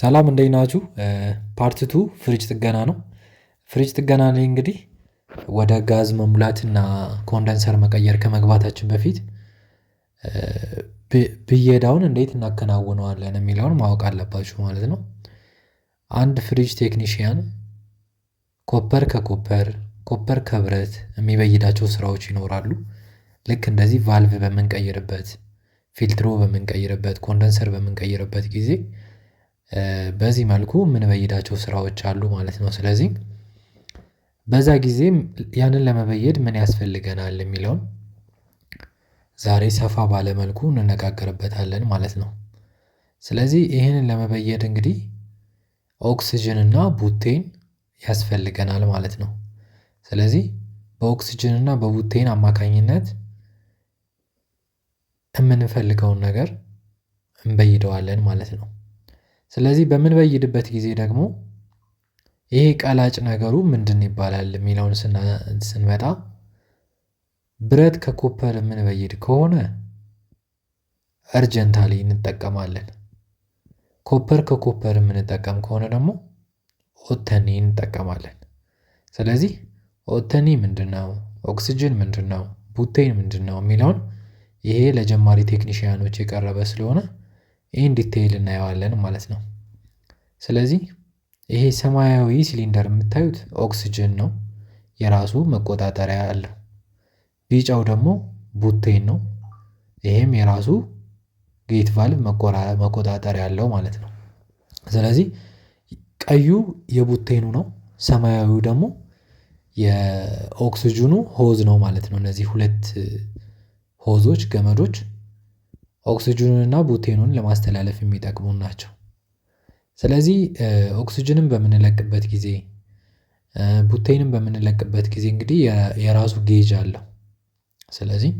ሰላም እንዴት ናችሁ? ፓርት ቱ ፍሪጅ ጥገና ነው። ፍሪጅ ጥገና ላይ እንግዲህ ወደ ጋዝ መሙላትና ኮንደንሰር መቀየር ከመግባታችን በፊት ብየዳውን እንዴት እናከናውነዋለን የሚለውን ማወቅ አለባችሁ ማለት ነው። አንድ ፍሪጅ ቴክኒሽያን ኮፐር ከኮፐር ኮፐር ከብረት የሚበይዳቸው ስራዎች ይኖራሉ። ልክ እንደዚህ ቫልቭ በምንቀይርበት፣ ፊልትሮ በምንቀይርበት፣ ኮንደንሰር በምንቀይርበት ጊዜ በዚህ መልኩ የምንበይዳቸው ስራዎች አሉ ማለት ነው። ስለዚህ በዛ ጊዜም ያንን ለመበየድ ምን ያስፈልገናል የሚለውን ዛሬ ሰፋ ባለ መልኩ እንነጋገርበታለን ማለት ነው። ስለዚህ ይህንን ለመበየድ እንግዲህ ኦክስጅን እና ቡቴን ያስፈልገናል ማለት ነው። ስለዚህ በኦክስጅን እና በቡቴን አማካኝነት የምንፈልገውን ነገር እንበይደዋለን ማለት ነው። ስለዚህ በምንበይድበት ጊዜ ደግሞ ይሄ ቀላጭ ነገሩ ምንድን ይባላል የሚለውን ስንመጣ ብረት ከኮፐር የምንበይድ ከሆነ እርጀንታሊ እንጠቀማለን። ኮፐር ከኮፐር የምንጠቀም ከሆነ ደግሞ ኦተኒ እንጠቀማለን። ስለዚህ ኦተኒ ምንድን ነው? ኦክስጅን ምንድን ነው? ቡቴን ምንድን ነው? የሚለውን ይሄ ለጀማሪ ቴክኒሽያኖች የቀረበ ስለሆነ ይህን ዲቴይል እናየዋለን ማለት ነው። ስለዚህ ይሄ ሰማያዊ ሲሊንደር የምታዩት ኦክስጅን ነው፣ የራሱ መቆጣጠሪያ አለው። ቢጫው ደግሞ ቡቴን ነው፣ ይሄም የራሱ ጌት ቫልቭ መቆጣጠሪያ አለው ማለት ነው። ስለዚህ ቀዩ የቡቴኑ ነው፣ ሰማያዊው ደግሞ የኦክስጅኑ ሆዝ ነው ማለት ነው። እነዚህ ሁለት ሆዞች ገመዶች ኦክስጅኑንና ቡቴኑን ለማስተላለፍ የሚጠቅሙ ናቸው። ስለዚህ ኦክስጅንን በምንለቅበት ጊዜ ቡቴንን በምንለቅበት ጊዜ እንግዲህ የራሱ ጌጅ አለው። ስለዚህ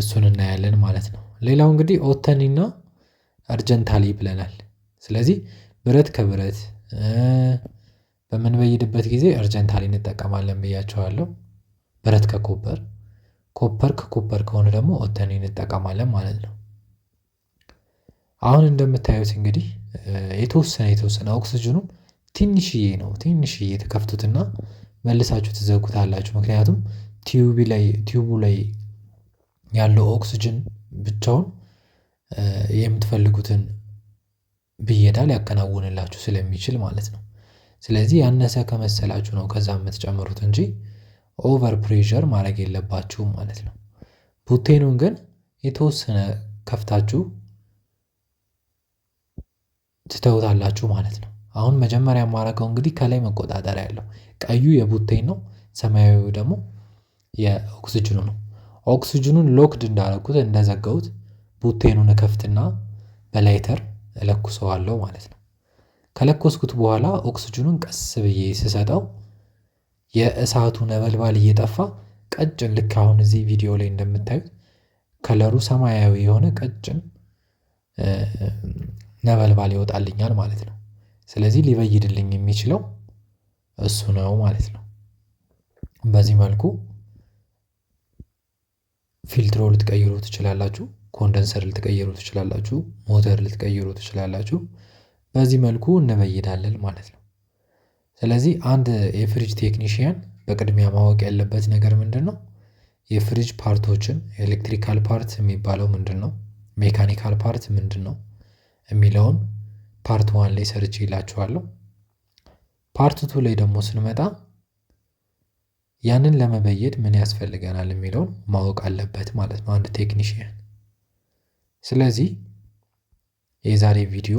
እሱን እናያለን ማለት ነው። ሌላው እንግዲህ ኦተኒና አርጀንታሊ ብለናል። ስለዚህ ብረት ከብረት በምንበይድበት ጊዜ አርጀንታሊ እንጠቀማለን ብያቸዋለው ብረት ከኮበር ኮፐር ከኮፐር ከሆነ ደግሞ ኦተን እንጠቀማለን ማለት ነው። አሁን እንደምታዩት እንግዲህ የተወሰነ የተወሰነ ኦክስጅኑም ትንሽዬ ነው ትንሽዬ ተከፍቱትና መልሳችሁ ትዘጉታላችሁ። ምክንያቱም ቲዩቢ ላይ ቲዩቡ ላይ ያለው ኦክስጅን ብቻውን የምትፈልጉትን ብየዳ ሊያከናውንላችሁ ስለሚችል ማለት ነው። ስለዚህ ያነሰ ከመሰላችሁ ነው ከዛ የምትጨምሩት እንጂ ኦቨር ፕሬሸር ማድረግ የለባችሁም ማለት ነው። ቡቴኑን ግን የተወሰነ ከፍታችሁ ትተውታላችሁ ማለት ነው። አሁን መጀመሪያ የማደርገው እንግዲህ ከላይ መቆጣጠሪያ ያለው ቀዩ የቡቴን ነው፣ ሰማያዊ ደግሞ የኦክስጅኑ ነው። ኦክስጅኑን ሎክድ እንዳደረጉት እንደዘጋሁት ቡቴኑን እከፍትና በላይተር እለኩሰዋለሁ ማለት ነው። ከለኮስኩት በኋላ ኦክስጅኑን ቀስ ብዬ ስሰጠው የእሳቱ ነበልባል እየጠፋ ቀጭን ልክ አሁን እዚህ ቪዲዮ ላይ እንደምታዩት ከለሩ ሰማያዊ የሆነ ቀጭን ነበልባል ይወጣልኛል ማለት ነው። ስለዚህ ሊበይድልኝ የሚችለው እሱ ነው ማለት ነው። በዚህ መልኩ ፊልትሮ ልትቀይሩ ትችላላችሁ፣ ኮንደንሰር ልትቀይሩ ትችላላችሁ፣ ሞተር ልትቀይሩ ትችላላችሁ። በዚህ መልኩ እንበይዳለን ማለት ነው። ስለዚህ አንድ የፍሪጅ ቴክኒሽያን በቅድሚያ ማወቅ ያለበት ነገር ነው? የፍሪጅ ፓርቶችን ኤሌክትሪካል ፓርት የሚባለው ነው፣ ሜካኒካል ፓርት ምንድነው? የሚለውን ፓርት ዋን ላይ ይላችኋለሁ። ፓርት ቱ ላይ ደግሞ ስንመጣ ያንን ለመበየድ ምን ያስፈልገናል የሚለውን ማወቅ አለበት ማለት ነው አንድ ቴክኒሽያን ስለዚህ የዛሬ ቪዲዮ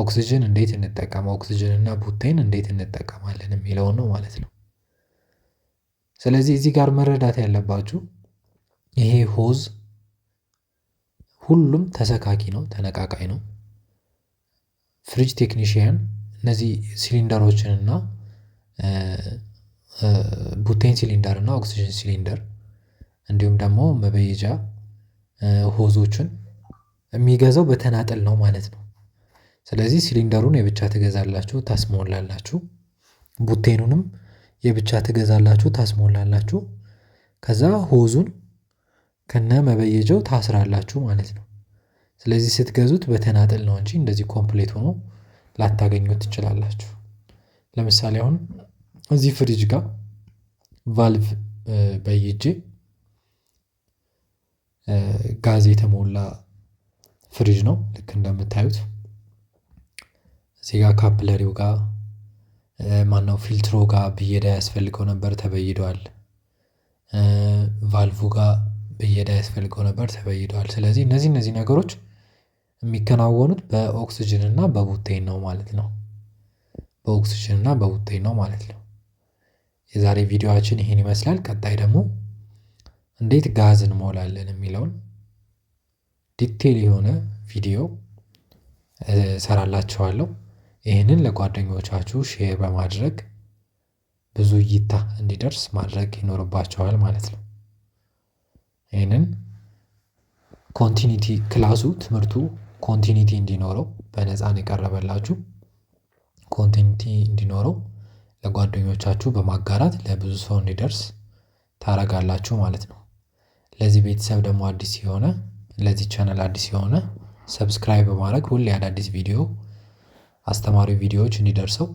ኦክስጅን እንዴት እንጠቀም ኦክስጅን እና ቡቴን እንዴት እንጠቀማለን የሚለውን ነው ማለት ነው። ስለዚህ እዚህ ጋር መረዳት ያለባችሁ ይሄ ሆዝ ሁሉም ተሰካኪ ነው፣ ተነቃቃይ ነው። ፍሪጅ ቴክኒሽያን እነዚህ ሲሊንደሮችን እና ቡቴን ሲሊንደር እና ኦክሲጅን ሲሊንደር እንዲሁም ደግሞ መበየጃ ሆዞችን የሚገዛው በተናጠል ነው ማለት ነው። ስለዚህ ሲሊንደሩን የብቻ ትገዛላችሁ ታስሞላላችሁ። ቡቴኑንም የብቻ ትገዛላችሁ ታስሞላላችሁ። ከዛ ሆዙን ከነ መበየጃው ታስራላችሁ ማለት ነው። ስለዚህ ስትገዙት በተናጠል ነው እንጂ እንደዚህ ኮምፕሌት ሆኖ ላታገኙት ትችላላችሁ። ለምሳሌ አሁን እዚህ ፍሪጅ ጋር ቫልቭ በይጄ ጋዝ የተሞላ ፍሪጅ ነው ልክ እንደምታዩት ዜጋ ካፕለሪው ጋር ማነው ፊልትሮ ጋር ብየዳ ያስፈልገው ነበር ተበይዷል። ቫልቭ ጋር ብየዳ ያስፈልገው ነበር ተበይዷል። ስለዚህ እነዚህ እነዚህ ነገሮች የሚከናወኑት በኦክስጅን እና በቡቴን ነው ማለት ነው። በኦክስጅን እና በቡቴን ነው ማለት ነው። የዛሬ ቪዲዮችን ይህን ይመስላል። ቀጣይ ደግሞ እንዴት ጋዝ እንሞላለን የሚለውን ዲቴል የሆነ ቪዲዮ እሰራላችኋለሁ። ይህንን ለጓደኞቻችሁ ሼር በማድረግ ብዙ እይታ እንዲደርስ ማድረግ ይኖርባቸዋል ማለት ነው። ይህንን ኮንቲኒቲ ክላሱ ትምህርቱ ኮንቲኒቲ እንዲኖረው በነፃን የቀረበላችሁ ኮንቲኒቲ እንዲኖረው ለጓደኞቻችሁ በማጋራት ለብዙ ሰው እንዲደርስ ታረጋላችሁ ማለት ነው። ለዚህ ቤተሰብ ደግሞ አዲስ የሆነ ለዚህ ቻናል አዲስ የሆነ ሰብስክራይብ በማድረግ ሁሌ አዳዲስ ቪዲዮ አስተማሪ ቪዲዮዎች እንዲደርሰው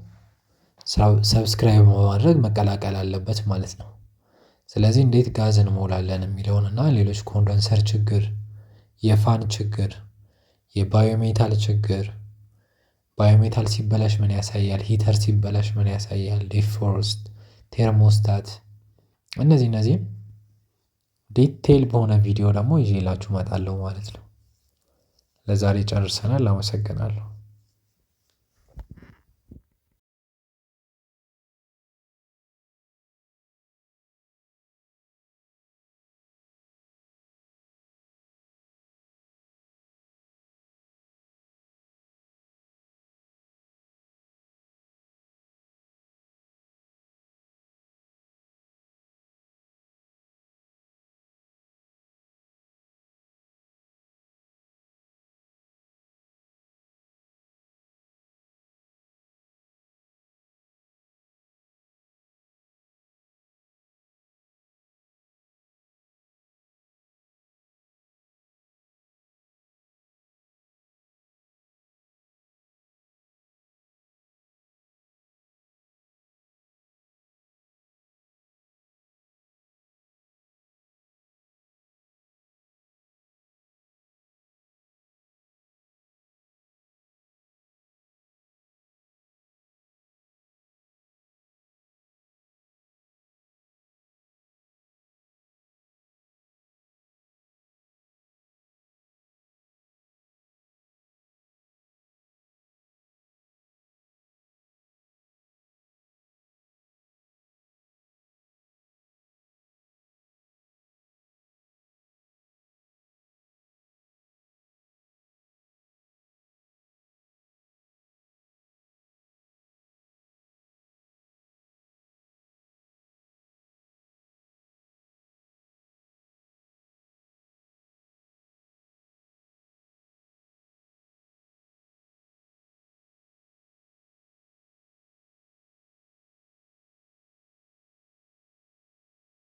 ሰብስክራይብ በማድረግ መቀላቀል አለበት ማለት ነው። ስለዚህ እንዴት ጋዝ እንሞላለን የሚለውን እና ሌሎች ኮንደንሰር ችግር፣ የፋን ችግር፣ የባዮሜታል ችግር፣ ባዮሜታል ሲበላሽ ምን ያሳያል፣ ሂተር ሲበላሽ ምን ያሳያል፣ ዲፎርስት፣ ቴርሞስታት እነዚህ እነዚህም ዲቴይል በሆነ ቪዲዮ ደግሞ ይዤላችሁ እመጣለሁ ማለት ነው። ለዛሬ ጨርሰናል። አመሰግናለሁ።